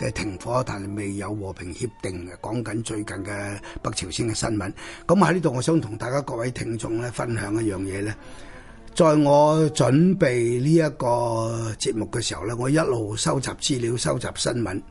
嘅停火，但係未有和平協定嘅，講緊最近嘅北朝鮮嘅新聞。咁喺呢度，我想同大家各位聽眾咧分享一樣嘢咧，在我準備呢一個節目嘅時候咧，我一路收集資料、收集新聞。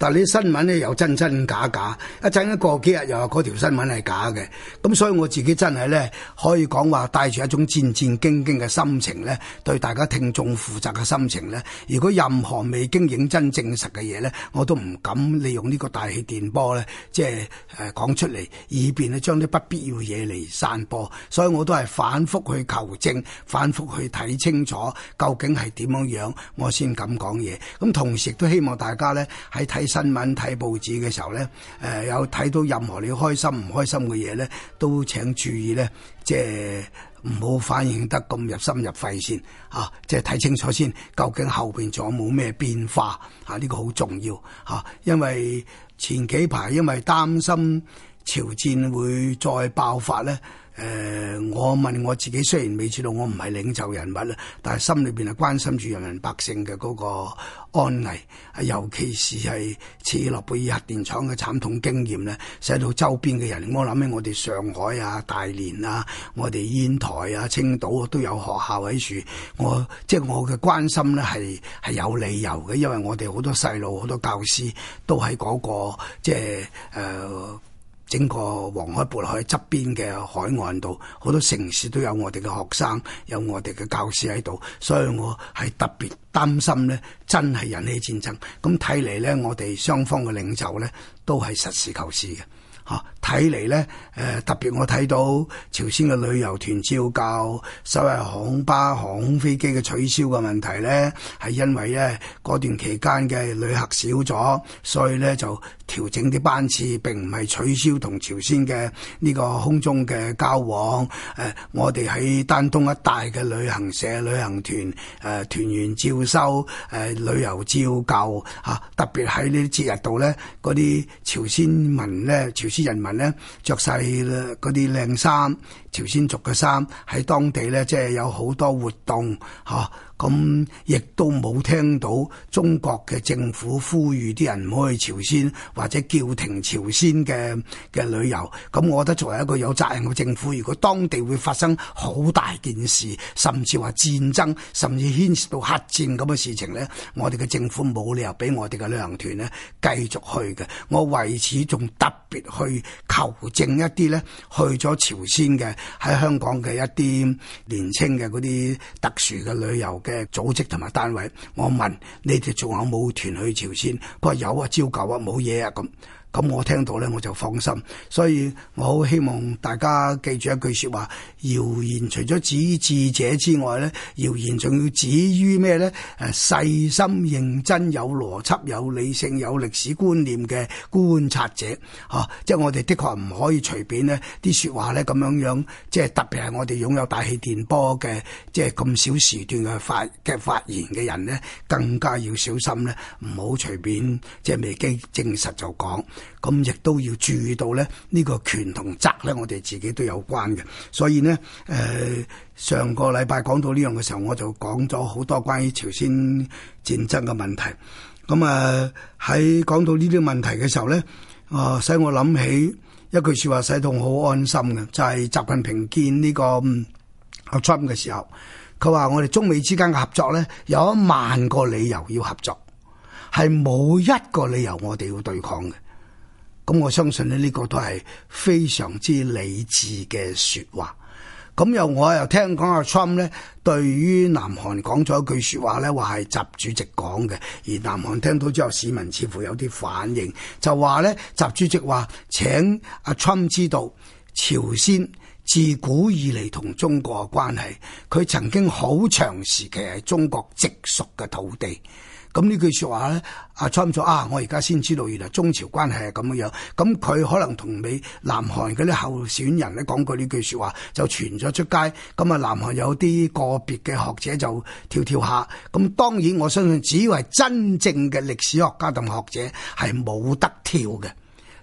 但係啲新聞咧又真真假假，一陣一過幾日又話嗰條新聞係假嘅，咁所以我自己真係咧可以講話帶住一種戰戰兢兢嘅心情咧，對大家聽眾負責嘅心情咧。如果任何未經認真證實嘅嘢咧，我都唔敢利用呢個大氣電波咧，即係誒講出嚟，以便咧將啲不必要嘢嚟散播。所以我都係反覆去求證，反覆去睇清楚究竟係點樣樣，我先敢講嘢。咁同時亦都希望大家咧喺睇新聞睇報紙嘅時候咧，誒、呃、有睇到任何你開心唔開心嘅嘢咧，都請注意咧，即係唔好反應得咁入心入肺先嚇、啊，即係睇清楚先，究竟後邊仲有冇咩變化嚇？呢、啊這個好重要嚇、啊，因為前幾排因為擔心朝戰會再爆發咧。誒、呃，我問我自己，雖然未知道我唔係領袖人物啦，但係心裏邊係關心住人民百姓嘅嗰個安危，尤其是係切爾諾貝爾核電廠嘅慘痛經驗咧，使到周邊嘅人。我諗起我哋上海啊、大連啊、我哋煙台啊、青島都有學校喺處，我即係我嘅關心咧係係有理由嘅，因為我哋好多細路、好多教師都喺嗰、嗰個即係誒。呃整個黃海、渤海側邊嘅海岸度，好多城市都有我哋嘅學生，有我哋嘅教師喺度，所以我係特別擔心呢，真係引起戰爭。咁睇嚟呢，我哋雙方嘅領袖呢，都係實事求是嘅，嚇、啊。睇嚟咧，誒、呃、特別我睇到朝鮮嘅旅遊團照舊，所謂航班、航空飛機嘅取消嘅問題咧，係因為咧段期間嘅旅客少咗，所以咧就調整啲班次，並唔係取消同朝鮮嘅呢個空中嘅交往。誒、呃、我哋喺丹東一帶嘅旅行社、旅行團誒團員照收誒、呃、旅遊照舊嚇、啊，特別喺呢啲節日度咧，啲朝鮮民咧、朝鮮人民。呢著曬嗰啲靚衫，朝鮮族嘅衫喺當地呢，即係有好多活動吓。啊咁亦都冇聽到中國嘅政府呼籲啲人唔好去朝鮮或者叫停朝鮮嘅嘅旅遊，咁我覺得作為一個有責任嘅政府，如果當地會發生好大件事，甚至話戰爭，甚至牽涉到核戰咁嘅事情咧，我哋嘅政府冇理由俾我哋嘅旅行團咧繼續去嘅。我為此仲特別去求證一啲咧，去咗朝鮮嘅喺香港嘅一啲年輕嘅啲特殊嘅旅遊。嘅。嘅組織同埋單位，我問你哋仲有冇團去朝鮮，佢話有啊，照舊啊，冇嘢啊咁。咁我聽到咧，我就放心。所以我好希望大家記住一句説話：謠言除咗指智者之外咧，謠言仲要指於咩咧？誒細心、認真、有邏輯、有理性、有歷史觀念嘅觀察者，嚇、啊！即係我哋的確唔可以隨便呢啲説話咧咁樣樣。即係特別係我哋擁有大氣電波嘅，即係咁少時段嘅發嘅發言嘅人咧，更加要小心咧，唔好隨便即係未經證實就講。咁亦都要注意到咧，呢個權同責咧，我哋自己都有關嘅。所以呢，誒、呃、上個禮拜講到呢樣嘅時候，我就講咗好多關於朝鮮戰爭嘅問題。咁啊喺講到呢啲問題嘅時候咧，啊、呃、使我諗起一句説話使到我好安心嘅，就係、是、習近平見呢、呢個阿 Trump 嘅時候，佢話我哋中美之間嘅合作咧，有一萬個理由要合作，係冇一個理由我哋要對抗嘅。咁我相信呢，呢個都係非常之理智嘅説話。咁又我又聽講阿 Trump 呢，對於南韓講咗一句説話呢，話係習主席講嘅，而南韓聽到之後，市民似乎有啲反應，就話呢：「習主席話請阿 Trump 知道，朝鮮自古以嚟同中國嘅關係，佢曾經好長時期係中國直屬嘅土地。」咁呢句說話咧，阿參座啊，我而家先知道原來中朝關係係咁樣樣，咁佢可能同你南韓嗰啲候選人咧講過呢句說話就傳咗出街。咁啊，南韓有啲個別嘅學者就跳跳下。咁當然我相信，只要係真正嘅歷史學家同學者，係冇得跳嘅。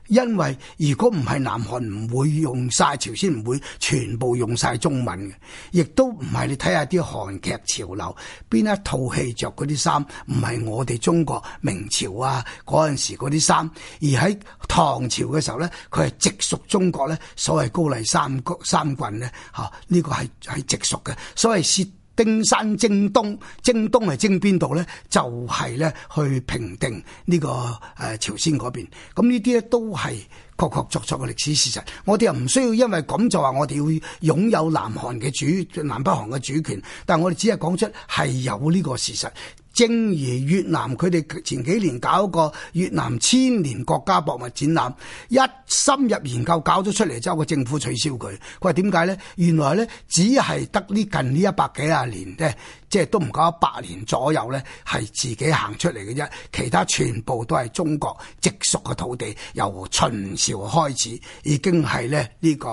因為如果唔係南韓唔會用晒朝鮮，唔會全部用晒中文嘅，亦都唔係，你睇下啲韓劇潮流邊一套戲着啲衫，唔係我哋中國明朝啊嗰陣時啲衫，而喺唐朝嘅時候咧，佢係直屬中國咧，所謂高麗三國三郡咧，吓、啊、呢、呢個係係直屬嘅，所謂涉。丁山征東，征東係征邊度呢？就係、是、咧去平定呢個誒朝鮮嗰邊。咁呢啲咧都係確確鑿鑿嘅歷史事實。我哋又唔需要因為咁就話我哋要擁有南韓嘅主南北韓嘅主權。但係我哋只係講出係有呢個事實。正如越南佢哋前幾年搞一個越南千年國家博物展覽，一深入研究搞咗出嚟之後個政府取消佢。佢話點解咧？原來咧，只係得呢近呢一百幾廿年啫。即係都唔夠一百年左右呢，係自己行出嚟嘅啫。其他全部都係中國直屬嘅土地，由秦朝開始，已經係呢呢個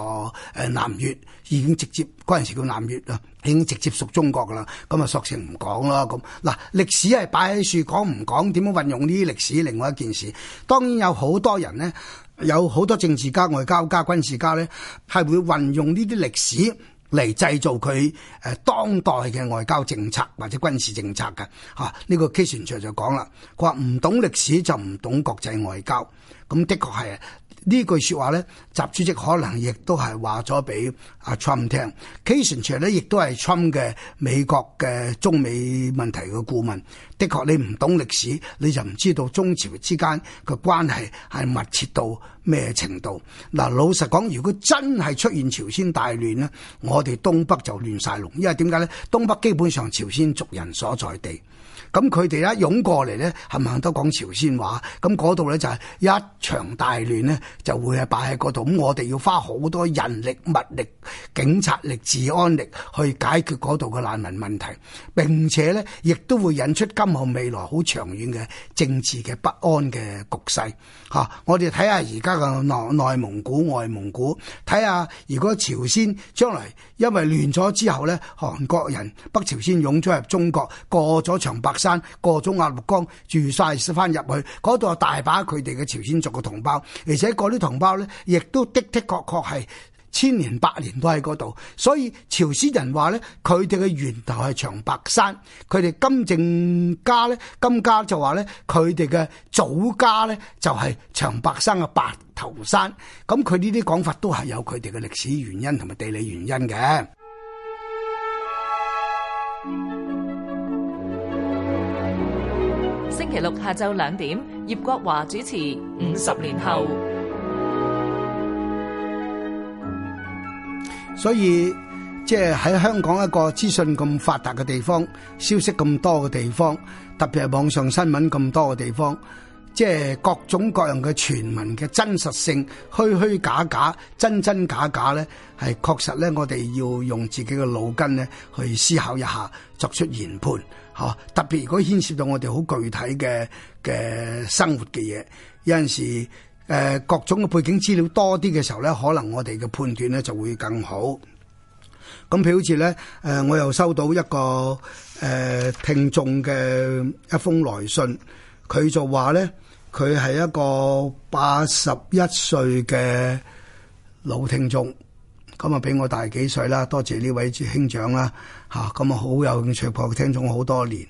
誒南越已經直接嗰陣時叫南越啦，已經直接屬中國噶啦。咁啊索性唔講啦。咁嗱，歷史係擺喺樹講唔講？點樣運用呢啲歷史？另外一件事，當然有好多人呢，有好多政治家、外交家、軍事家呢，係會運用呢啲歷史。嚟製造佢誒當代嘅外交政策或者軍事政策嘅吓，呢、啊這個基傳長就講啦，佢話唔懂歷史就唔懂國際外交，咁的確係。句呢句說話咧，習主席可能亦都係話咗俾阿 Trump 聽。K 先生咧，亦都係 Trump 嘅美國嘅中美問題嘅顧問。的確，你唔懂歷史，你就唔知道中朝之間嘅關係係密切到咩程度。嗱，老實講，如果真係出現朝鮮大亂呢，我哋東北就亂晒龍，因為點解咧？東北基本上朝鮮族人所在地。咁佢哋一湧過嚟咧，限唔限都講朝鮮話，咁度咧就係一場大亂咧，就會係擺喺度。咁我哋要花好多人力物力、警察力、治安力去解決度嘅難民問題，並且咧，亦都會引出今後未來好長遠嘅政治嘅不安嘅局勢吓、啊，我哋睇下而家嘅內內蒙古、外蒙古，睇下如果朝鮮將來因為亂咗之後咧，韓國人北朝鮮湧咗入中國過咗長白山過咗鴨綠江住晒翻入去，嗰度有大把佢哋嘅朝鮮族嘅同胞，而且嗰啲同胞咧，亦都的的確確係千年百年都喺嗰度。所以朝鮮人話咧，佢哋嘅源頭係長白山，佢哋金正家咧，金家就話咧，佢哋嘅祖家咧就係長白山嘅白頭山。咁佢呢啲講法都係有佢哋嘅歷史原因同埋地理原因嘅。星期六下晝兩點，葉國華主持《五十年後》。所以，即係喺香港一個資訊咁發達嘅地方，消息咁多嘅地方，特別係網上新聞咁多嘅地方。即係各種各樣嘅傳聞嘅真實性，虛虛假假，真真假假咧，係確實咧，我哋要用自己嘅腦筋咧去思考一下，作出研判，嚇。特別如果牽涉到我哋好具體嘅嘅生活嘅嘢，有陣時誒、呃、各種嘅背景資料多啲嘅時候咧，可能我哋嘅判斷咧就會更好。咁譬如好似咧，誒、呃、我又收到一個誒、呃、聽眾嘅一封來信，佢就話咧。佢係一個八十一歲嘅老聽眾，咁啊比我大幾歲啦，多謝呢位兄長啦，吓，咁啊好有興趣博聽眾好多年，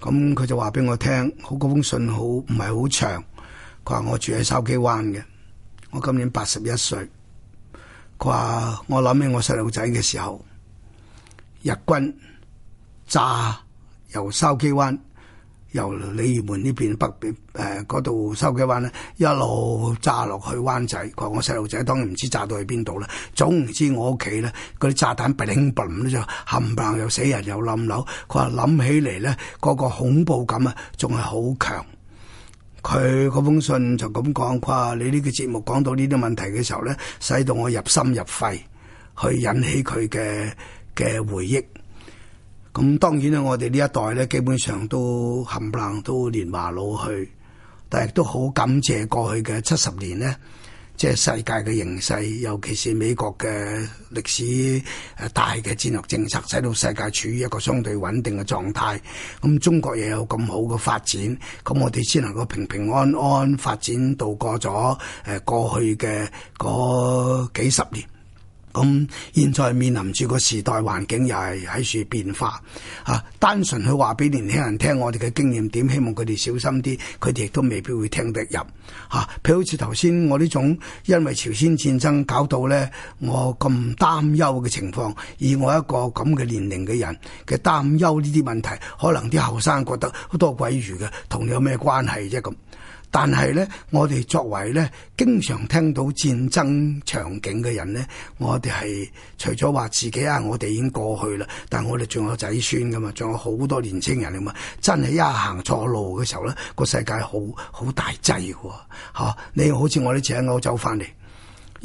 咁佢就話俾我聽，好嗰封信好唔係好長。佢話我住喺筲箕灣嘅，我今年八十一歲。佢話我諗起我細路仔嘅時候，日軍炸由筲箕灣。由鯉魚門邊、呃、呢邊北邊誒嗰度筲箕灣咧，一路炸落去灣仔。佢話我細路仔當然唔知炸到去邊度啦，總唔知我屋企咧嗰啲炸彈 boom 就冚唪唥又死人又冧樓。佢話諗起嚟咧嗰個恐怖感啊，仲係好強。佢嗰封信就咁講，佢話你呢個節目講到呢啲問題嘅時候咧，使到我入心入肺，去引起佢嘅嘅回憶。咁當然啦，我哋呢一代咧，基本上都冚唪唥都年華老去，但係都好感謝過去嘅七十年咧，即係世界嘅形勢，尤其是美國嘅歷史誒大嘅戰略政策，使到世界處於一個相對穩定嘅狀態，咁中國也有咁好嘅發展，咁我哋先能夠平平安安發展度過咗誒過去嘅嗰幾十年。咁現在面臨住個時代環境，又係喺處變化嚇、啊。單純去話俾年輕人聽，我哋嘅經驗點，希望佢哋小心啲。佢哋亦都未必會聽得入嚇。啊、譬如好似頭先我呢種，因為朝鮮戰爭搞到咧，我咁擔憂嘅情況，以我一個咁嘅年齡嘅人嘅擔憂呢啲問題，可能啲後生覺得好多鬼如嘅，同你有咩關係啫咁？但係咧，我哋作為咧，經常聽到戰爭場景嘅人咧，我哋係除咗話自己啊，我哋已經過去啦，但我哋仲有仔孫噶嘛，仲有好多年青人啊嘛，真係一行錯路嘅時候咧，個世界好好大劑喎、啊啊、你好似我啲請歐洲翻嚟。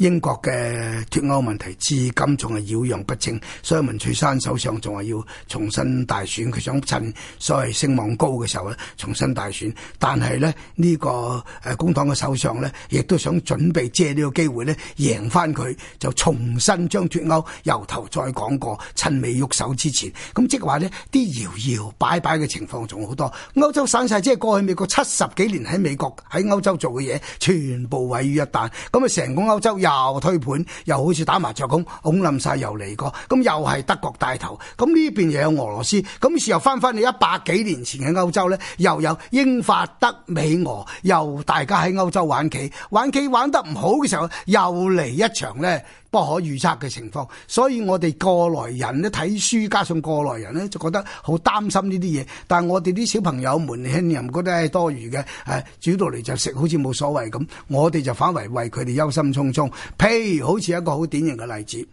英國嘅脱歐問題至今仲係擾攘不清，所以文翠山首相仲係要重新大選，佢想趁所謂聲望高嘅時候咧，重新大選。但係咧呢、呢個誒工黨嘅首相呢，亦都想準備借呢個機會呢，贏翻佢，就重新將脱歐由頭再講過。趁未喐手之前，咁即係話呢啲搖搖擺擺嘅情況仲好多。歐洲散晒，即係過去美國七十幾年喺美國喺歐洲做嘅嘢，全部毀於一旦。咁啊成個歐洲又推盤，又好似打麻雀咁，恐冧晒又嚟個，咁又係德國帶頭，咁呢邊又有俄羅斯，咁又翻返你一百幾年前嘅歐洲咧，又有英法德美俄，又大家喺歐洲玩棋，玩棋玩得唔好嘅時候，又嚟一場咧。不可預測嘅情況，所以我哋過來人呢，睇書，加上過來人呢，就覺得好擔心呢啲嘢。但係我哋啲小朋友們，年輕人覺得係多餘嘅，誒煮到嚟就食，好似冇所謂咁。我哋就反為為佢哋憂心忡忡。譬如好似一個好典型嘅例子，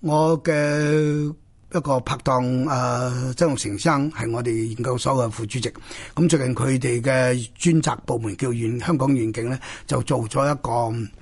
我嘅一個拍檔啊，曾鈺成生係我哋研究所嘅副主席。咁、嗯、最近佢哋嘅專責部門叫願香港願景呢，就做咗一個。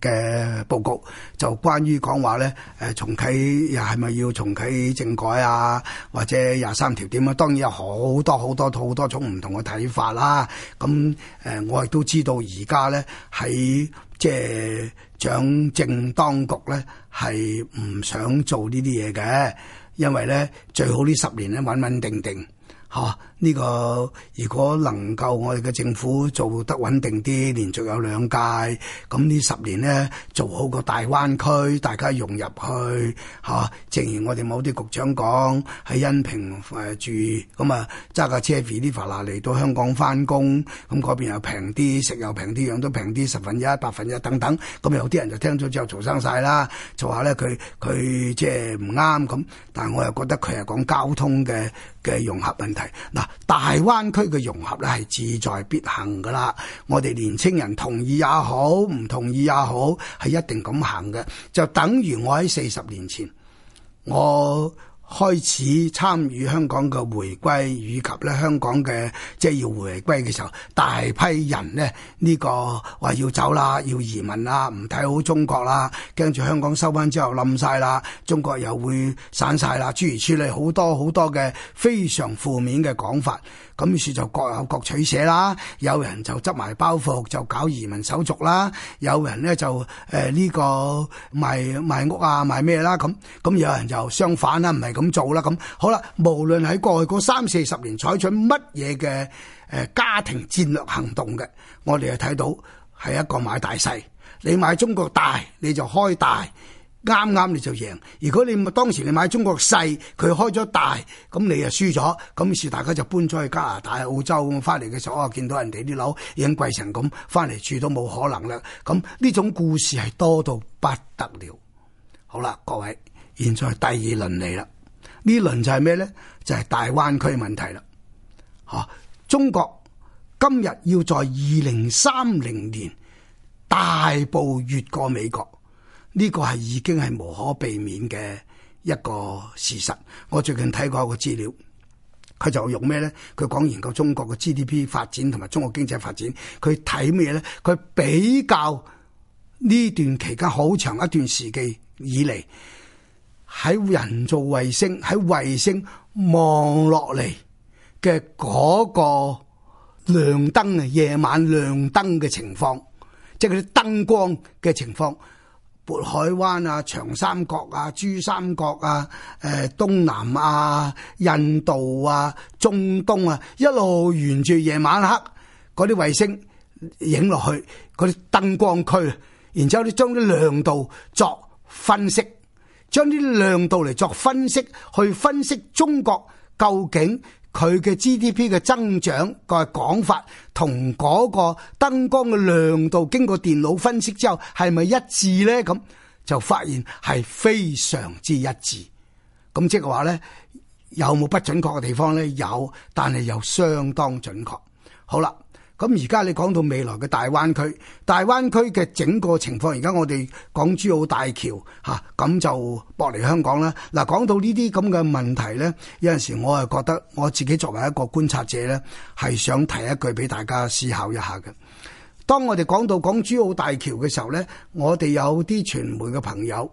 嘅佈局就關於講話咧，誒、呃、重啟又係咪要重啟政改啊，或者廿三條點啊？當然有好多好多好多種唔同嘅睇法啦。咁、嗯、誒、呃，我亦都知道而家咧喺即係掌政當局咧係唔想做呢啲嘢嘅，因為咧最好呢十年咧穩穩定定定。嚇！呢、啊，這個如果能夠我哋嘅政府做得穩定啲，連續有兩屆，咁呢十年呢，做好個大灣區，大家融入去嚇、啊。正如我哋某啲局長講，喺恩平誒、呃、住，咁啊揸架車 f a r 嚟到香港翻工，咁嗰邊又平啲，食又平啲，樣都平啲，十分之一、百分之一等等。咁有啲人就聽咗之後嘈生晒啦，就話咧佢佢即係唔啱咁，但我又覺得佢係講交通嘅。嘅融合問題嗱，大灣區嘅融合咧係志在必行噶啦，我哋年青人同意也好，唔同意也好，係一定咁行嘅，就等於我喺四十年前，我。開始參與香港嘅回歸以及咧香港嘅即係要回歸嘅時候，大批人咧呢、呢個話要走啦，要移民啦，唔睇好中國啦，跟住香港收翻之後冧晒啦，中國又會散晒啦，諸如此類好多好多嘅非常負面嘅講法。咁於是就各有各取捨啦，有人就執埋包袱就搞移民手續啦，有人咧就誒呢、呃呢個賣賣屋啊賣咩啦咁，咁有人就相反啦，唔係。咁做啦，咁好啦。無論喺過去嗰三四十年採取乜嘢嘅，誒家庭戰略行動嘅，我哋又睇到係一個買大細。你買中國大，你就開大，啱啱你就贏。如果你當時你買中國細，佢開咗大，咁你又輸咗。咁於是大家就搬咗去加拿大、澳洲咁翻嚟嘅時候，啊，見到人哋啲樓已經貴成咁，翻嚟住都冇可能啦。咁呢種故事係多到不得了。好啦，各位，現在係第二輪嚟啦。呢輪就係咩咧？就係、是、大灣區問題啦，吓、啊！中國今日要在二零三零年大步越過美國，呢、這個係已經係無可避免嘅一個事實。我最近睇過一個資料，佢就用咩咧？佢講研究中國嘅 GDP 發展同埋中國經濟嘅發展，佢睇咩咧？佢比較呢段期間好長一段時期以嚟。喺人造衛星喺衛星望落嚟嘅個亮燈啊，夜晚亮燈嘅情況，即係啲燈光嘅情況。渤海灣啊、長三角啊、珠三角啊、誒、東南啊、印度啊、中東啊，一路沿住夜晚黑啲衛星影落去啲燈光區，然之後你將啲亮度作分析。將呢啲亮度嚟，作分析，去分析中國究竟佢嘅 GDP 嘅增長個講法，同嗰個燈光嘅亮度經過電腦分析之後係咪一致咧？咁就發現係非常之一致。咁即係話咧，有冇不準確嘅地方咧？有，但係又相當準確。好啦。咁而家你講到未來嘅大灣區，大灣區嘅整個情況，而家我哋港珠澳大橋嚇，咁、啊、就駁埋香港啦。嗱、啊，講到呢啲咁嘅問題咧，有陣時我係覺得我自己作為一個觀察者咧，係想提一句俾大家思考一下嘅。當我哋講到港珠澳大橋嘅時候咧，我哋有啲傳媒嘅朋友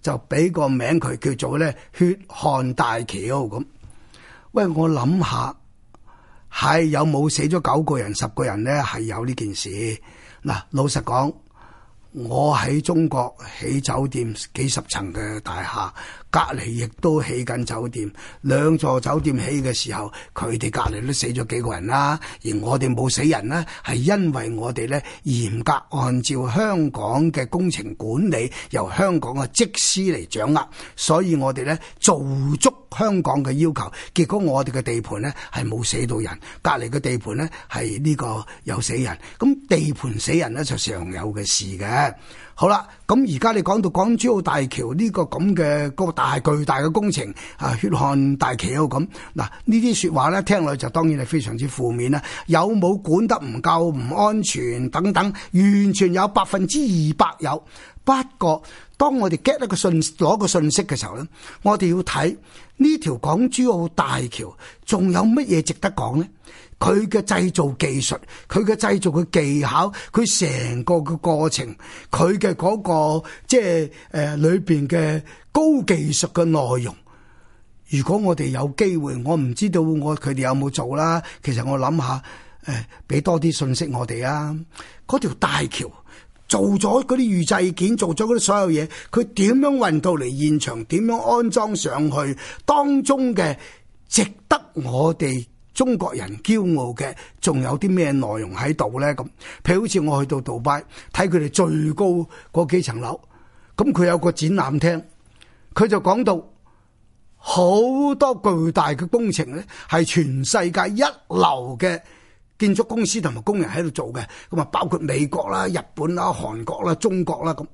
就俾個名佢叫做咧血汗大橋咁。喂，我諗下。係有冇死咗九個人十個人咧？係有呢件事。嗱，老實講，我喺中國起酒店幾十層嘅大廈。隔離亦都起緊酒店，兩座酒店起嘅時候，佢哋隔離都死咗幾個人啦。而我哋冇死人咧，係因為我哋呢，嚴格按照香港嘅工程管理，由香港嘅職司嚟掌握，所以我哋呢，做足香港嘅要求。結果我哋嘅地盤呢，係冇死到人，隔離嘅地盤呢，係呢個有死人。咁地盤死人呢，就常有嘅事嘅。好啦，咁而家你講到港珠澳大橋呢個咁嘅嗰個大巨大嘅工程，啊血汗大橋咁，嗱呢啲說話咧聽落就當然係非常之負面啦，有冇管得唔夠、唔安全等等，完全有百分之二百有。不過當我哋 get 一個信攞個信息嘅時候咧，我哋要睇呢條港珠澳大橋仲有乜嘢值得講呢？佢嘅製造技術，佢嘅製造嘅技巧，佢成個嘅過程，佢嘅嗰個即係誒、呃、裏邊嘅高技術嘅內容。如果我哋有機會，我唔知道我佢哋有冇做啦。其實我諗下，誒、呃、俾多啲信息我哋啊。嗰條大橋做咗嗰啲預製件，做咗嗰啲所有嘢，佢點樣運到嚟現場？點樣安裝上去？當中嘅值得我哋中國人驕傲嘅，仲有啲咩內容喺度咧？咁譬如好似我去到杜拜睇佢哋最高嗰幾層樓，咁佢有個展覽廳，佢就講到好多巨大嘅工程咧，係全世界一流嘅建築公司同埋工人喺度做嘅。咁啊，包括美國啦、日本啦、韓國啦、中國啦，咁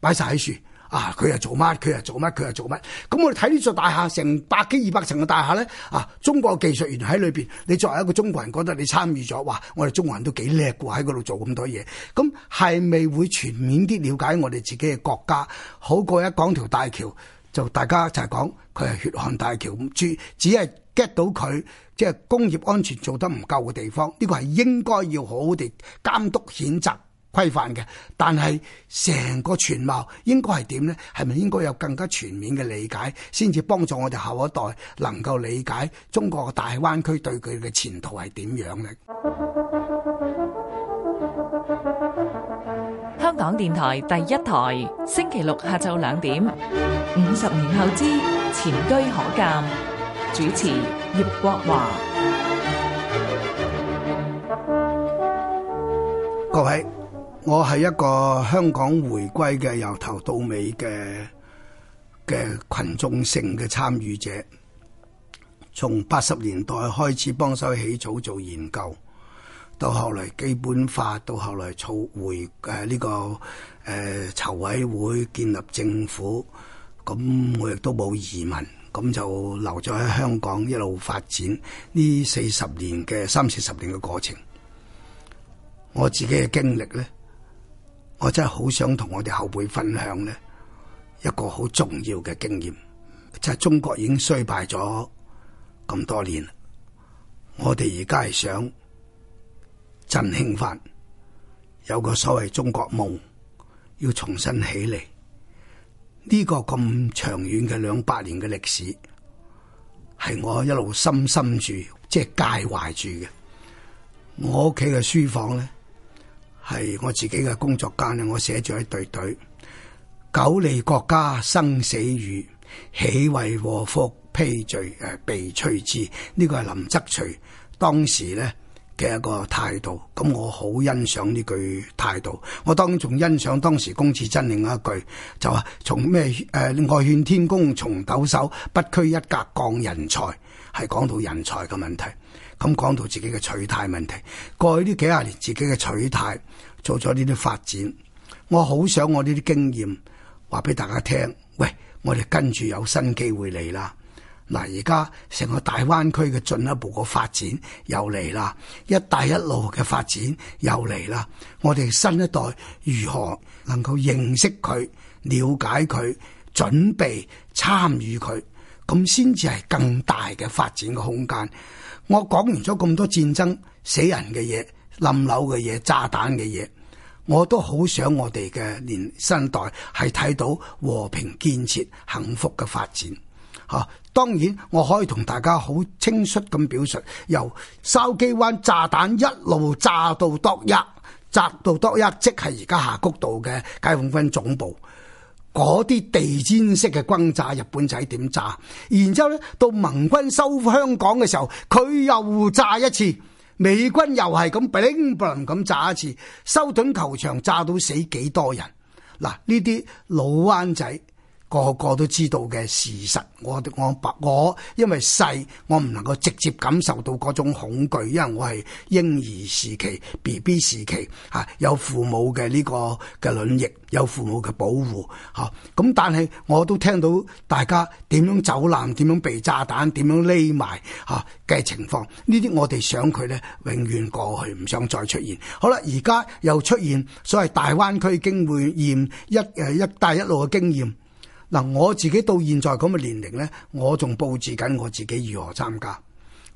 擺晒喺樹。啊！佢又做乜？佢又做乜？佢又做乜？咁我哋睇呢座大廈成百幾二百層嘅大廈咧，啊！中國技術員喺裏邊，你作為一個中國人，覺得你參與咗，哇！我哋中國人都幾叻喎，喺嗰度做咁多嘢。咁係咪會全面啲了解我哋自己嘅國家，好過一講條大橋，就大家就係講佢係血汗大橋？只只係 get 到佢即係工業安全做得唔夠嘅地方，呢、這個係應該要好好哋監督譴責。規範嘅，但係成個全貌應該係點咧？係咪應該有更加全面嘅理解，先至幫助我哋下一代能夠理解中國嘅大灣區對佢嘅前途係點樣咧？香港電台第一台，星期六下晝兩點，五十年後之前車可鑒，主持葉國華，各位。我係一個香港回歸嘅由頭到尾嘅嘅群眾性嘅參與者，從八十年代開始幫手起草做研究，到後來基本法，到後來籌回誒呢、啊這個誒籌、呃、委會建立政府，咁我亦都冇移民，咁就留咗喺香港一路發展呢四十年嘅三四十年嘅過程。我自己嘅經歷咧。我真係好想同我哋後輩分享呢一個好重要嘅經驗，就係中國已經衰敗咗咁多年，我哋而家係想振興翻，有個所謂中國夢，要重新起嚟。呢個咁長遠嘅兩百年嘅歷史，係我一路深深住，即係介懷住嘅。我屋企嘅書房呢。係我自己嘅工作間啊，我寫住一對對。苟利國家生死以，豈因禍福披罪誒、呃，避趨之，呢個係林則徐當時咧嘅一個態度。咁我好欣賞呢句態度。我當仲欣賞當時龔自珍另一句，就話從咩誒愛勸天公重抖擻，不拘一格降人才，係講到人才嘅問題。咁講到自己嘅取態問題，過去呢幾十年自己嘅取態做咗呢啲發展，我好想我呢啲經驗話俾大家聽。喂，我哋跟住有新機會嚟啦。嗱，而家成個大灣區嘅進一步嘅發展又嚟啦，一帶一路嘅發展又嚟啦。我哋新一代如何能夠認識佢、了解佢、準備參與佢，咁先至係更大嘅發展嘅空間。我講完咗咁多戰爭死人嘅嘢，冧樓嘅嘢，炸彈嘅嘢，我都好想我哋嘅年輕代係睇到和平建設、幸福嘅發展。吓，當然我可以同大家好清晰咁表述，由筲箕灣炸彈一路炸到多一，炸到多一，即係而家下谷道嘅解放軍總部。嗰啲地氈式嘅轟炸，日本仔點炸？然之後咧，到盟軍收復香港嘅時候，佢又炸一次，美軍又係咁乒乓咁炸一次，修頓球場炸到死幾多人？嗱，呢啲老灣仔。個個都知道嘅事實，我我白我因為細，我唔能夠直接感受到嗰種恐懼，因為我係嬰兒時期、B B 時期嚇、啊，有父母嘅呢、這個嘅卵翼，有父母嘅保護嚇。咁、啊、但係我都聽到大家點樣走難，點樣被炸彈，點樣匿埋嚇嘅情況。呢啲我哋想佢咧永遠過去，唔想再出現。好啦，而家又出現所謂大灣區經驗一誒一帶一路嘅經驗。嗱，我自己到現在咁嘅年齡咧，我仲佈置緊我自己如何參加，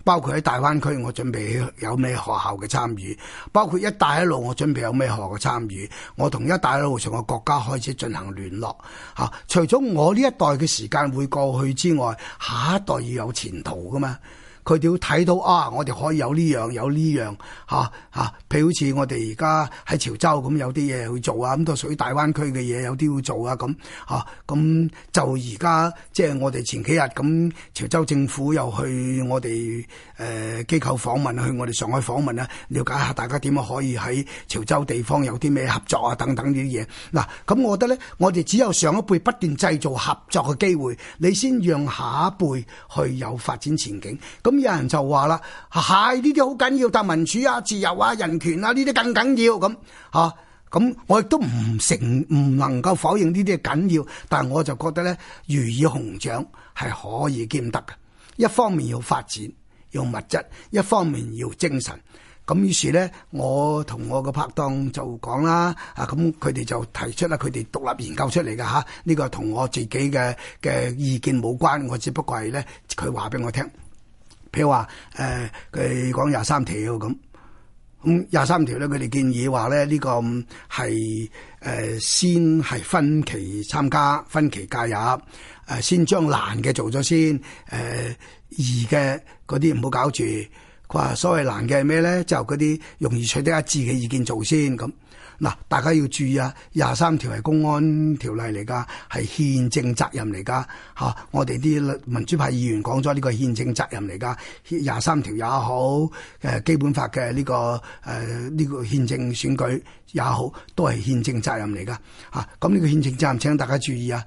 包括喺大灣區，我準備有咩學校嘅參與，包括一帶一路，我準備有咩學校嘅參與，我同一帶一路上嘅國家開始進行聯絡嚇，啊。除咗我呢一代嘅時間會過去之外，下一代要有前途㗎嘛。佢哋要睇到啊，我哋可以有呢樣，有呢樣吓、啊、吓，譬如好似我哋而家喺潮州咁有啲嘢去做啊，咁、嗯、都屬於大灣區嘅嘢，有啲要做啊，咁吓，咁就而家即係我哋前幾日咁，潮州政府又去我哋誒機構訪問，去我哋上海訪問啊，了解下大家點樣可以喺潮州地方有啲咩合作啊，等等呢啲嘢。嗱，咁我覺得咧，我哋只有上一輩不斷製造合作嘅機會，你先讓下一輩去有發展前景咁。咁、嗯、有人就話啦，係呢啲好緊要，但民主啊、自由啊、人權啊呢啲更緊要咁吓。咁、啊嗯、我亦都唔成唔能夠否認呢啲緊要，但係我就覺得咧，魚與熊掌係可以兼得嘅。一方面要發展，要物質，一方面要精神。咁於是呢，我同我個拍檔就講啦，啊，咁佢哋就提出啦，佢哋獨立研究出嚟嘅吓，呢、啊這個同我自己嘅嘅意見冇關，我只不過係咧，佢話俾我聽。譬如話，誒佢講廿三條咁，咁廿三條咧，佢哋建議話咧呢個係誒、嗯呃、先係分期參加、分期介入，誒、呃、先將難嘅做咗先，誒易嘅嗰啲唔好搞住。佢話所謂難嘅係咩咧？就嗰啲容易取得一致嘅意見做先咁。嗯。嗱，大家要注意啊！廿三條係公安條例嚟噶，係憲政責任嚟噶嚇。我哋啲民主派議員講咗呢個憲政責任嚟噶，廿三條也好，誒基本法嘅呢、呢個誒呢、呃呢個憲政選舉也好，都係憲政責任嚟噶嚇。咁、啊、呢個憲政責任請大家注意啊！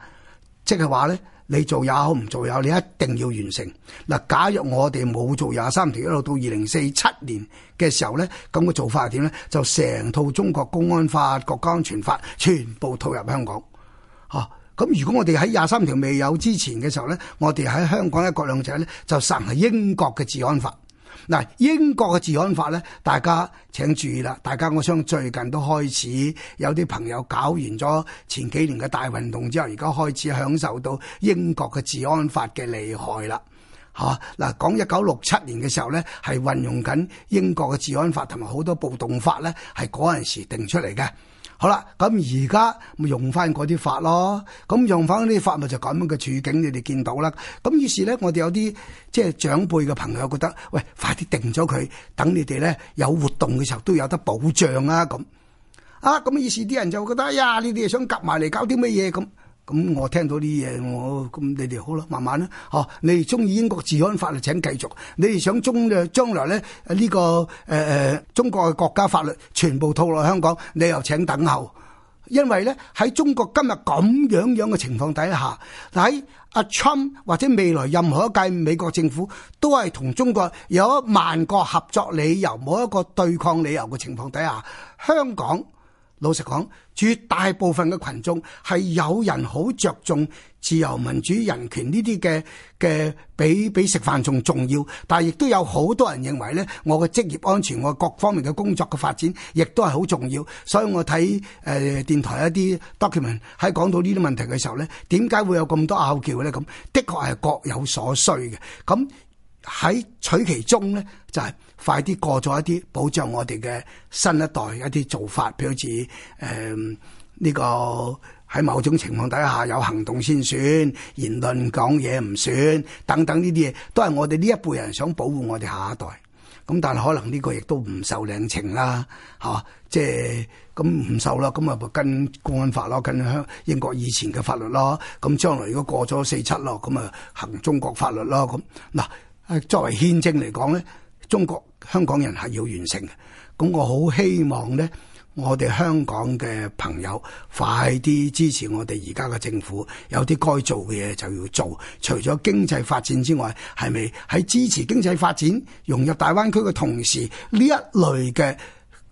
即係話咧。你做也好，唔做也好，你一定要完成。嗱，假如我哋冇做廿三條，一路到二零四七年嘅時候咧，咁、嗰個做法係點咧？就成套中國公安法、國家安,安全法，全部套入香港。吓、啊，咁如果我哋喺廿三條未有之前嘅時候咧，我哋喺香港一國兩制咧，就實行英國嘅治安法。嗱，英國嘅治安法咧，大家請注意啦！大家，我想最近都開始有啲朋友搞完咗前幾年嘅大運動之後，而家開始享受到英國嘅治安法嘅厲害啦。嚇嗱、啊，講一九六七年嘅時候呢，係運用緊英國嘅治安法同埋好多暴動法呢，係嗰陣時定出嚟嘅。好啦，咁而家咪用翻嗰啲法咯，咁、嗯、用翻啲法咪就咁樣嘅處境，你哋見到啦。咁、嗯、於是呢，我哋有啲即係長輩嘅朋友覺得，喂，快啲定咗佢，等你哋呢有活動嘅時候都有得保障啊咁。啊，咁、嗯、於是啲人就會覺得，哎、呀，你哋想夾埋嚟搞啲乜嘢咁。咁我聽到啲嘢，我咁你哋好啦，慢慢啦，嗬！你哋中意英國治安法律請繼續，你哋想中嘅將來咧呢、呢個誒誒、呃、中國嘅國家法律全部套落香港，你又請等候，因為呢，喺中國今日咁樣樣嘅情況底下，喺阿 Trump 或者未來任何一屆美國政府都係同中國有一萬個合作理由，冇一個對抗理由嘅情況底下，香港。老實講，絕大部分嘅群眾係有人好着重自由、民主、人權呢啲嘅嘅，比比食飯仲重要。但係亦都有好多人認為咧，我嘅職業安全，我各方面嘅工作嘅發展，亦都係好重要。所以我睇誒、呃，電台一啲 document 喺講到呢啲問題嘅時候咧，點解會有咁多拗撬咧？咁的確係各有所需嘅。咁喺取其中咧，就係快啲過咗一啲保障我哋嘅新一代一啲做法，譬如好似誒呢個喺某種情況底下有行動先算，言論講嘢唔算等等呢啲嘢，都係我哋呢一輩人想保護我哋下一代。咁但係可能呢個亦都唔受領情啦，嚇，即係咁唔受咯。咁啊，咪跟公安法咯，跟香英國以前嘅法律咯。咁將來如果過咗四七咯，咁啊行中國法律咯。咁嗱。作為憲政嚟講呢，中國香港人係要完成嘅。咁我好希望呢，我哋香港嘅朋友快啲支持我哋而家嘅政府，有啲該做嘅嘢就要做。除咗經濟發展之外，係咪喺支持經濟發展融入大灣區嘅同時，呢一類嘅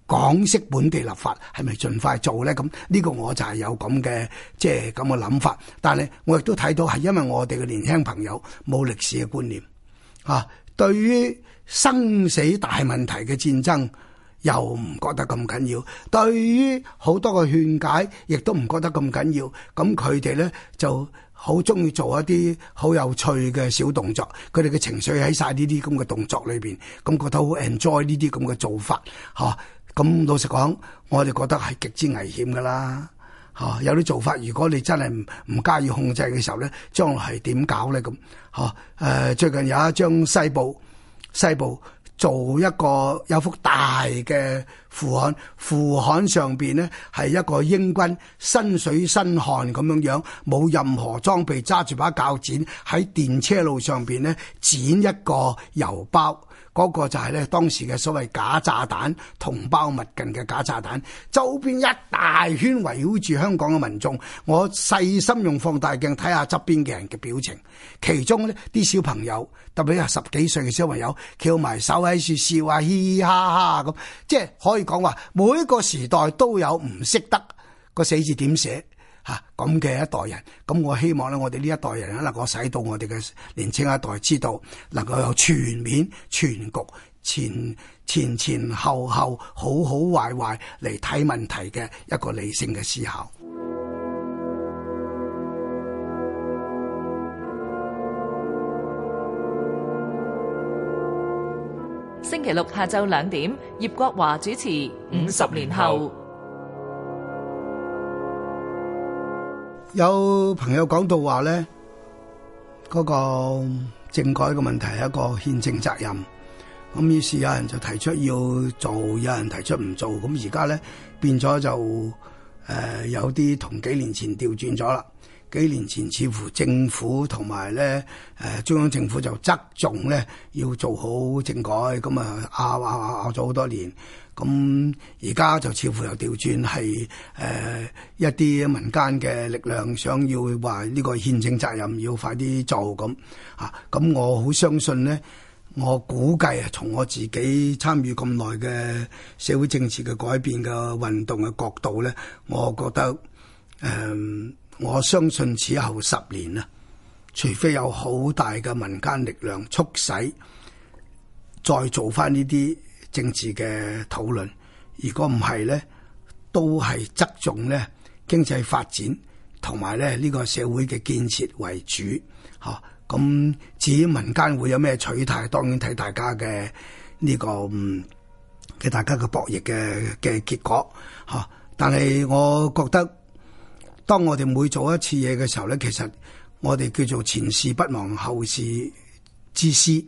港式本地立法係咪盡快做呢？咁呢個我就係有咁嘅即係咁嘅諗法。但係我亦都睇到係因為我哋嘅年輕朋友冇歷史嘅觀念。啊！對於生死大問題嘅戰爭，又唔覺得咁緊要；對於好多嘅勸解，亦都唔覺得咁緊要。咁佢哋咧就好中意做一啲好有趣嘅小動作，佢哋嘅情緒喺晒呢啲咁嘅動作裏邊，咁覺得好 enjoy 呢啲咁嘅做法。嚇、啊！咁老實講，我哋覺得係極之危險噶啦。吓，有啲做法，如果你真係唔唔加以控制嘅時候咧，將來係點搞咧咁？吓，誒、呃，最近有一張西部，西部做一個有一幅大嘅副刊，副刊上邊呢係一個英軍身水身汗咁樣樣，冇任何裝備，揸住把鉸剪，喺電車路上邊呢剪一個郵包。嗰個就係咧當時嘅所謂假炸彈，同胞勿近嘅假炸彈，周邊一大圈圍繞住香港嘅民眾。我細心用放大鏡睇下側邊嘅人嘅表情，其中呢啲小朋友，特別係十幾歲嘅小朋友，翹埋手喺處笑啊，嘻嘻哈哈咁，即係可以講話每一個時代都有唔識得個死字點寫。嚇咁嘅一代人，咁我希望咧，我哋呢一代人咧，能夠使到我哋嘅年青一代知道，能夠有全面、全局、前前前前後後、好好壞、壞嚟睇問題嘅一個理性嘅思考。星期六下晝兩點，葉國華主持《五十年後》。有朋友講到話咧，嗰、那個政改嘅問題係一個憲政責任，咁於是有人就提出要做，有人提出唔做，咁而家咧，變咗就誒、呃、有啲同幾年前調轉咗啦。幾年前似乎政府同埋咧誒中央政府就側重咧要做好政改，咁啊拗拗拗咗好多年。咁而家就似乎又調轉係誒、呃、一啲民間嘅力量，想要話呢個憲政責任要快啲做咁啊！咁、嗯、我好相信呢，我估計啊，從我自己參與咁耐嘅社會政治嘅改變嘅運動嘅角度咧，我覺得誒、呃，我相信此後十年啊，除非有好大嘅民間力量促使再做翻呢啲。政治嘅討論，如果唔係咧，都係側重咧經濟發展同埋咧呢、這個社會嘅建設為主，嚇、啊。咁至於民間會有咩取態，當然睇大家嘅呢、這個嘅、嗯、大家嘅博弈嘅嘅結果，嚇、啊。但係我覺得，當我哋每做一次嘢嘅時候咧，其實我哋叫做前事不忘，後事之師。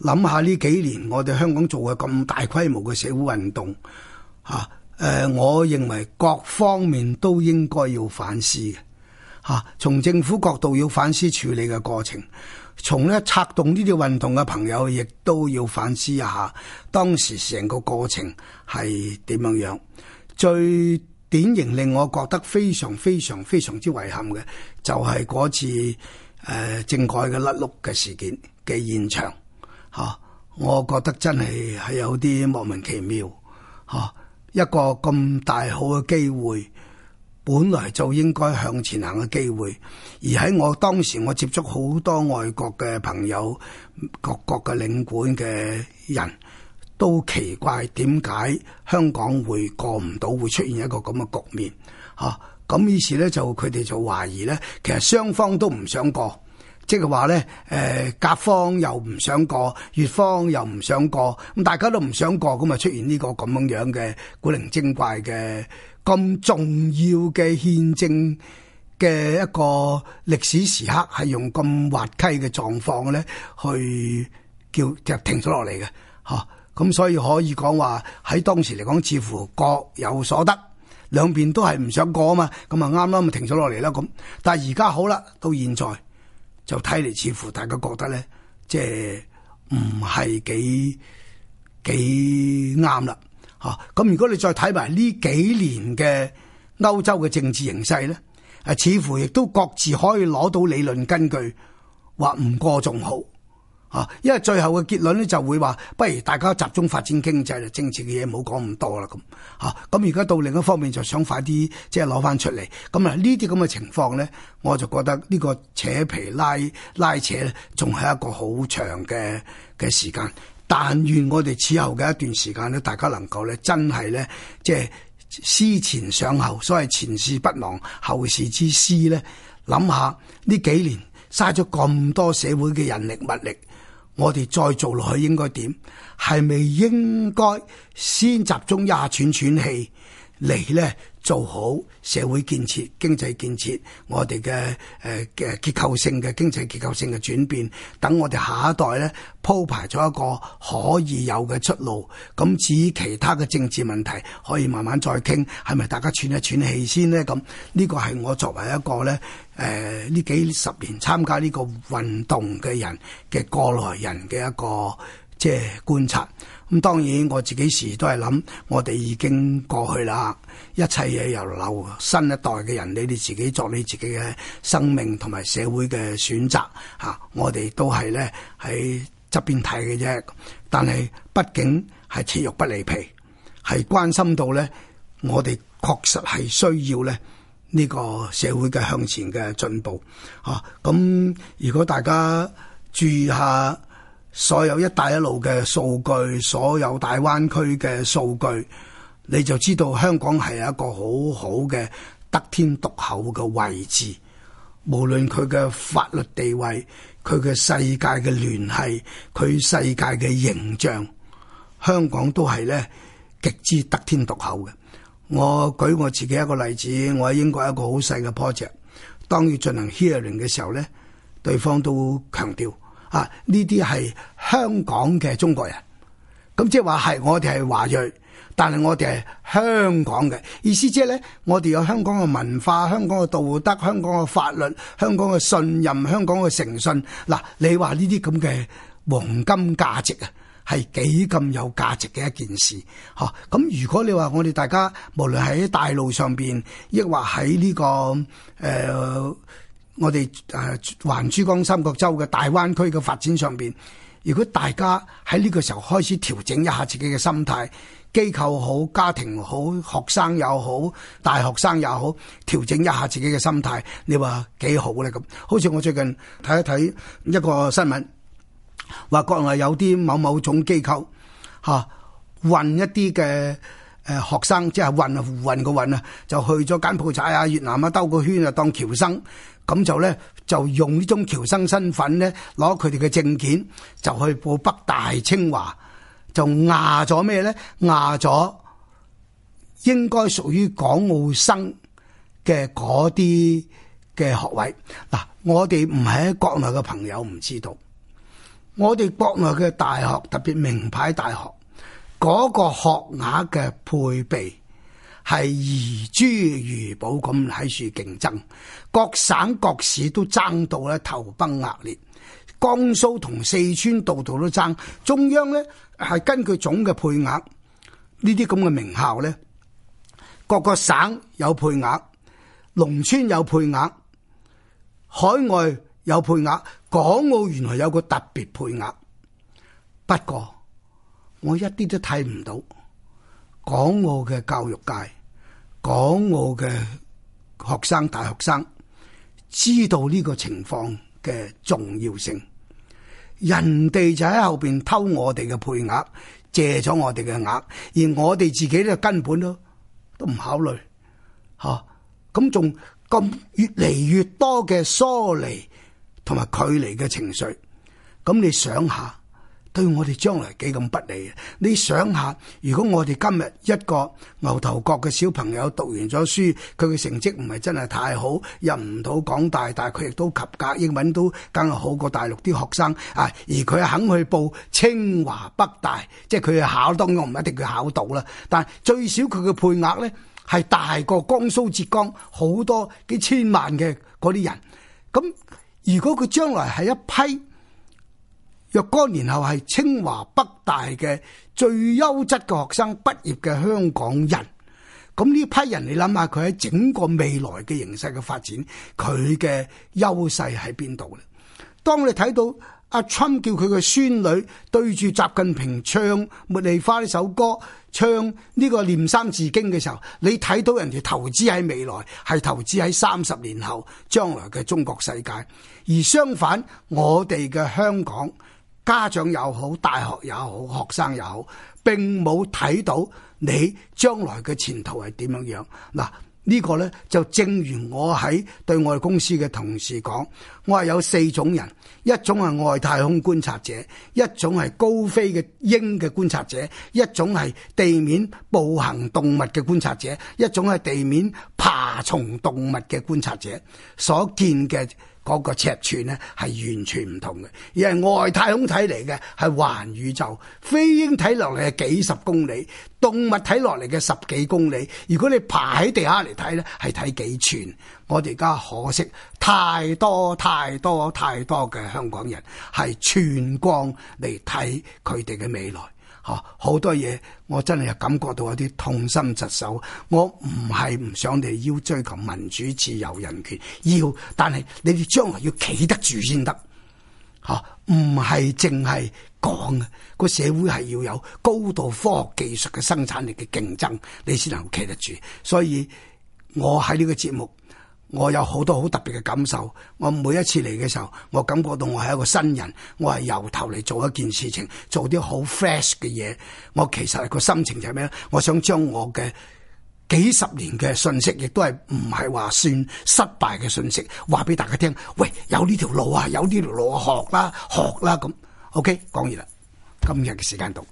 諗下呢幾年我哋香港做嘅咁大規模嘅社會運動吓，誒、啊呃，我認為各方面都應該要反思嘅吓、啊。從政府角度要反思處理嘅過程，從呢策動呢啲運動嘅朋友，亦都要反思一下當時成個過程係點樣樣。最典型令我覺得非常非常非常，非常之遺憾嘅，就係、是、嗰次誒、呃、政改嘅甩碌嘅事件嘅現場。嚇！我覺得真係係有啲莫名其妙嚇，一個咁大好嘅機會，本來就應該向前行嘅機會，而喺我當時我接觸好多外國嘅朋友，各國嘅領館嘅人都奇怪點解香港會過唔到，會出現一個咁嘅局面嚇。咁於是咧就佢哋就懷疑咧，其實雙方都唔想過。即係話咧，誒、呃，甲方又唔想過，乙方又唔想過，咁大家都唔想過，咁啊出現呢個咁樣樣嘅古靈精怪嘅咁重要嘅憲政嘅一個歷史時刻，係用咁滑稽嘅狀況咧，去叫就停咗落嚟嘅，嚇、啊。咁所以可以講話喺當時嚟講，似乎各有所得，兩邊都係唔想過啊嘛，咁啊啱啦，咪停咗落嚟啦。咁但係而家好啦，到現在。就睇嚟似乎大家覺得咧，即係唔係幾幾啱啦吓，咁、啊、如果你再睇埋呢幾年嘅歐洲嘅政治形勢咧，啊似乎亦都各自可以攞到理論根據話唔過仲好。啊，因為最後嘅結論咧，就會話不如大家集中發展經濟啦，政治嘅嘢唔好講咁多啦咁。嚇，咁而家到另一方面就想快啲即係攞翻出嚟。咁啊，呢啲咁嘅情況呢，我就覺得呢個扯皮拉拉扯咧，仲係一個好長嘅嘅時間。但願我哋此後嘅一段時間咧，大家能夠咧真係呢，即係、就是、思前想後，所謂前事不忘後事之師呢，諗下呢幾年嘥咗咁多社會嘅人力物力。我哋再做落去應該點？係咪應該先集中一下喘喘氣？嚟咧做好社會建設、經濟建設，我哋嘅誒嘅結構性嘅經濟結構性嘅轉變，等我哋下一代咧鋪排咗一個可以有嘅出路。咁至於其他嘅政治問題，可以慢慢再傾，係咪大家喘一喘氣先呢？咁呢個係我作為一個咧誒呢幾十年參加呢個運動嘅人嘅過來人嘅一個即係觀察。咁當然，我自己時都係諗，我哋已經過去啦，一切嘢由留新一代嘅人，你哋自己作你自己嘅生命同埋社會嘅選擇嚇、啊。我哋都係咧喺側邊睇嘅啫。但係畢竟係切肉不離皮，係關心到咧，我哋確實係需要咧呢、呢個社會嘅向前嘅進步嚇。咁、啊嗯、如果大家注意下。所有一帶一路嘅數據，所有大灣區嘅數據，你就知道香港係一個好好嘅得天獨厚嘅位置。無論佢嘅法律地位、佢嘅世界嘅聯繫，佢世界嘅形象，香港都係咧極之得天獨厚嘅。我舉我自己一個例子，我喺英國一個好細嘅 project，當要進行 hearing 嘅時候咧，對方都強調。啊！呢啲係香港嘅中國人，咁即係話係我哋係華裔，但係我哋係香港嘅意思，即係咧，我哋有香港嘅文化、香港嘅道德、香港嘅法律、香港嘅信任、香港嘅誠信。嗱、啊，你話呢啲咁嘅黃金價值啊，係幾咁有價值嘅一件事？嚇、啊！咁如果你話我哋大家，無論喺大陸上邊，亦或喺呢個誒。呃我哋誒環珠江三角洲嘅大灣區嘅發展上邊，如果大家喺呢個時候開始調整一下自己嘅心態，機構好、家庭好、學生又好、大學生又好，調整一下自己嘅心態，你話幾好咧？咁好似我最近睇一睇一個新聞，話國內有啲某某種機構嚇、啊、運一啲嘅。誒，學生即係運胡，運個運啊，就去咗柬埔寨啊，越南啊兜個圈啊，當僑生，咁就咧就用呢種僑生身份咧，攞佢哋嘅證件就去報北大、清華，就壓咗咩咧？壓咗應該屬於港澳生嘅啲嘅學位。嗱，我哋唔係喺國內嘅朋友唔知道，我哋國內嘅大學，特別名牌大學。嗰個學額嘅配備係如珠如寶咁喺處競爭，各省各市都爭到咧頭崩額裂，江蘇同四川度度都爭，中央呢係根據總嘅配額，呢啲咁嘅名校呢，各個省有配額，農村有配額，海外有配額，港澳原來有個特別配額，不過。我一啲都睇唔到，港澳嘅教育界、港澳嘅學生、大學生知道呢個情況嘅重要性，人哋就喺後邊偷我哋嘅配額，借咗我哋嘅額，而我哋自己咧根本都都唔考慮，吓咁仲咁越嚟越多嘅疏離同埋距離嘅情緒，咁你想下，對我哋將來幾咁不利啊！你想下，如果我哋今日一個牛頭角嘅小朋友讀完咗書，佢嘅成績唔係真係太好，入唔到港大，但係佢亦都及格，英文都梗係好過大陸啲學生啊！而佢肯去報清華、北大，即係佢考當我唔一定佢考到啦，但最少佢嘅配額呢，係大過江蘇、浙江好多幾千萬嘅嗰啲人。咁如果佢將來係一批，若干年後，係清華、北大嘅最優質嘅學生畢業嘅香港人，咁呢批人你諗下，佢喺整個未來嘅形勢嘅發展，佢嘅優勢喺邊度咧？當你睇到阿侵叫佢嘅孫女對住習近平唱《茉莉花》呢首歌，唱呢、這個《念三字經》嘅時候，你睇到人哋投資喺未來，係投資喺三十年後將來嘅中國世界，而相反，我哋嘅香港。家長又好，大學又好，學生又好，並冇睇到你將來嘅前途係點樣樣。嗱，呢個呢，就正如我喺對我哋公司嘅同事講，我係有四種人：一種係外太空觀察者，一種係高飛嘅鷹嘅觀察者，一種係地面步行動物嘅觀察者，一種係地面爬蟲動物嘅觀察者所見嘅。個尺寸咧係完全唔同嘅，而係外太空睇嚟嘅係環宇宙，飛鷹睇落嚟係幾十公里，動物睇落嚟嘅十幾公里，如果你爬喺地下嚟睇咧，係睇幾寸。我哋而家可惜太多太多太多嘅香港人係寸光嚟睇佢哋嘅未來。吓，好多嘢我真係又感覺到有啲痛心疾首。我唔係唔想你要追求民主、自由、人權，要，但係你哋將來要企得住先得。吓，唔係淨係講嘅，個社會係要有高度科學技術嘅生產力嘅競爭，你先能夠企得住。所以我喺呢個節目。我有好多好特別嘅感受，我每一次嚟嘅時候，我感覺到我係一個新人，我係由頭嚟做一件事情，做啲好 fresh 嘅嘢。我其實個心情就係咩咧？我想將我嘅幾十年嘅信息，亦都係唔係話算失敗嘅信息，話俾大家聽。喂，有呢條路啊，有呢條路學啦，學啦咁。OK，講完啦，今日嘅時間到。